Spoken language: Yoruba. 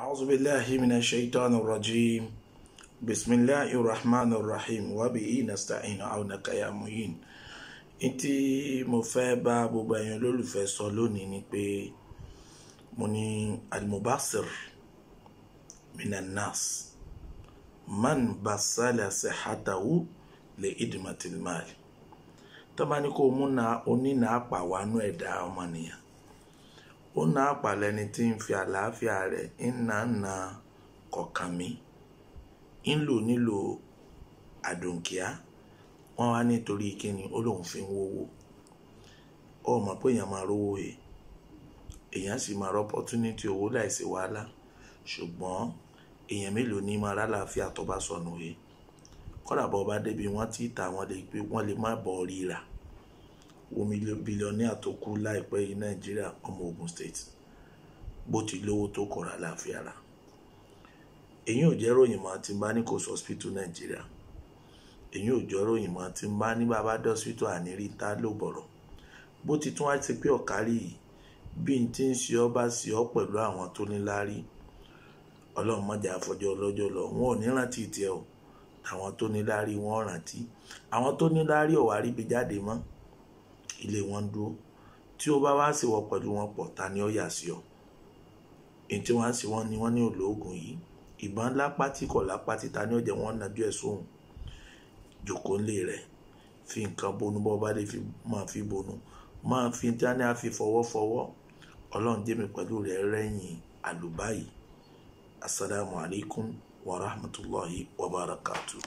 أعوذ بالله من الشيطان الرجيم بسم الله الرحمن الرحيم وبه نستعين عونك يا معين ntí mo fẹ́ bá gbogbo ẹ̀yin olólùfẹ́ sọ lónìí ni pé mo ní almubasir minanas man basala sehatawu le idmatilmali tó bá ní kó mú onínàápàwánú ẹ̀dá ọmọnìyàn ó ná àpàlẹ́ni tí ń fi àlàáfíà rẹ̀ ń na ń na kọ̀ọ̀kan mi ń lò nílò àdùnkíá wọ́n wá nítorí kíni ó lóun fi ń wówó ó mọ̀ pé èèyàn máa rówó he èèyàn sì máa owó láìsí wàhálà ṣùgbọ́n èèyàn mélòó ní máa lálàáfíà tó bá sọnù he kọ́dà bọ́ bá débi wọ́n ti ta wọ́n lè má bọ̀ omi bílíọ̀nìà tó kú láìpẹ́ yìí nàìjíríà ọmọ Ogun State bó ti lówó tó kọ̀ra láàfin ara èyí ò jẹ́ ròyìn mọ́ àti bá ní kò sọ hospital nàìjíríà èyí ò jọ ròyìn mọ́ àti bá ní bàbá dé hospital àníri tá ló bọ̀rọ̀ bó ti tún wá ti pé ọ̀kárí yìí bí n ti ń ṣe ọ́ bá ṣe ọ́ pẹ̀lú àwọn tó ní láárí ọlọ́run mọ́jà àfọjọ́ ọlọ́jọ́ lọ wọn ò ní rántí tiẹ̀ o àwọn tó ní láárí wọn rántí àwọn tó ní láárí ọ̀wá ríbi jáde mọ́ ilé wọn dúró tí o bá wá sí wọ pẹ̀lú wọn pọ̀ ta ni ó yà sí ọ èyí tí wọ́n sì wọ́n ni wọ́n ní olóògùn yìí ìbọn lápá tí kò lápá tí ta ni ó jẹ́ wọ́n nájú ẹ̀ sóhun jòkó ńlẹ̀ rẹ̀ fi nǹkan bonú bọ́ bá lè fi máa fi bonú máa fi dání àfi fọwọ́fọwọ́ ọlọ́run jẹ́mi pẹ̀lú rẹ̀ rẹ́yìn àlùbáyìí asalaamualeykum wa rahmatulahi wa barakatuh.